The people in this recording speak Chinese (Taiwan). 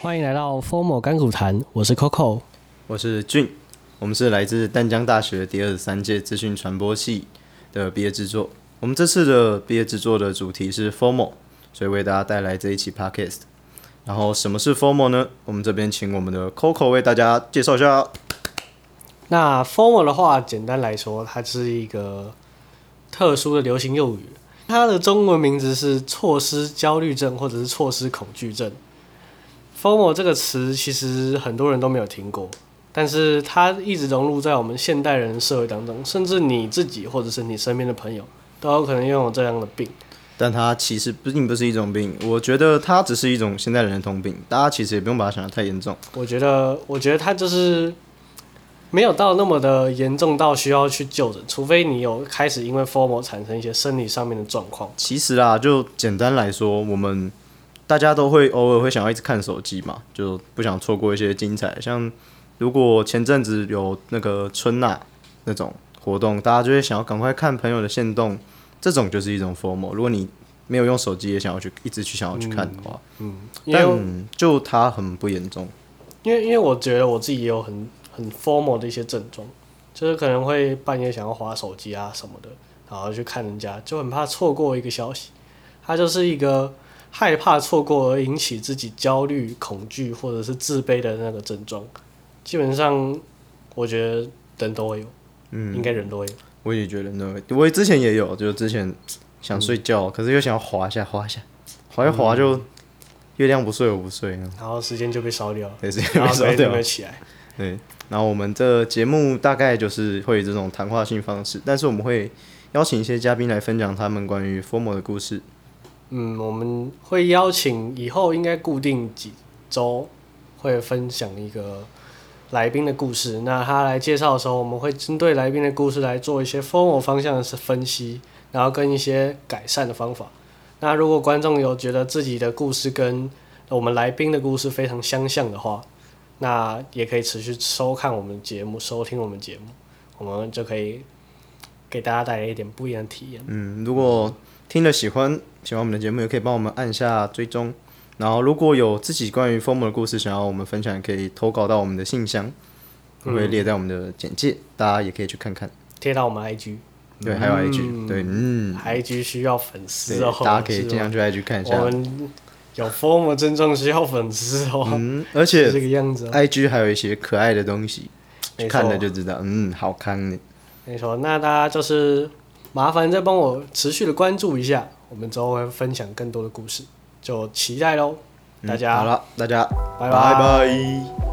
歡迎來到 FOMO 甘苦談，我是 Koko，我是俊，我們是來自淡江大學第二十三屆資訊傳播系的畢業製作。我們這次的畢業製作的主題是 FOMO，所以為大家帶來這一期 Podcast。然後什麼是 FOMO 呢？我們這邊請我們的 Koko 為大家介紹一下。那 FOMO 的話，簡單來說，它是一個特殊的流行用語，它的中文名字是錯失焦慮症，或者是錯失恐懼症。FOMO 這個詞其實很多人都沒有聽過，但是它一直融入在我們現代人社會當中，甚至你自己或者是你身邊的朋友都有可能擁有這樣的病。但它其實並不，不是一種病，我覺得它只是一種現代人的通病，大家其實也不用把它想得太嚴重。我覺得，我覺得它就是沒有到那麼的嚴重到需要去就診，除非你有開始因為 FOMO 產生一些生理上面的狀況。其實啊，就簡單來說，我們。大家都會偶爾會想要一直看手機嘛，就不想錯過一些精彩。像如果前陣子有那個春吶那種活動，大家就會想要趕快看朋友的限動，這種就是一種 FOMO。如果你沒有用手機也想要去一直去想要去看的話，嗯，嗯，但就它很不嚴重。因為因為我覺得我自己也有很很 FOMO 的一些症狀，就是可能會半夜想要滑手機啊什麼的，然後去看人家，就很怕錯過一個消息。它就是一個。害怕錯過而引起自己焦慮、恐懼或者是自卑的那個症狀，基本上我覺得人都會有，嗯，應該人都會有。我也覺得人都會，我之前也有，就之前想睡覺，嗯、可是又想要滑一下滑一下，滑一滑就、嗯、月亮不睡我不睡，然後時間就被燒掉，對，時間燒就被燒掉，沒有起來。對，然後我們這節目大概就是會以這種談話性方式，但是我們會邀請一些嘉賓來分享他們關於 FOMO 的故事。嗯，我們會邀請，以後應該固定幾週會分享一個來賓的故事。那他來介紹的時候，我們會針對來賓的故事來做一些 FOMO 方向的是分析，然後跟一些改善的方法。那如果觀眾有覺得自己的故事跟我們來賓的故事非常相像的話，那也可以持續收看我們節目，收聽我們節目，我們就可以。給大家帶來一點不一樣的體驗。嗯，如果聽了喜歡喜歡我們的節目，也可以幫我們按下追蹤。然後如果有自己關於 FOMO 的故事想要我們分享，也可以投稿到我們的信箱，會、嗯、列在我們的簡介，大家也可以去看看。貼到我們 IG。對，還有 IG、嗯。對，嗯。IG 需要粉絲哦。大家可以經常去 IG 看一下。我們有 FOMO 真正需要粉絲哦。嗯，而且 IG 還有一些可愛的東西，沒錯。去看了就知道，嗯，好看呢。沒錯，那大家就是麻煩再幫我持續的關注一下，我們之後會分享更多的故事，就期待嘍，大家、嗯、好了，大家拜拜。拜拜。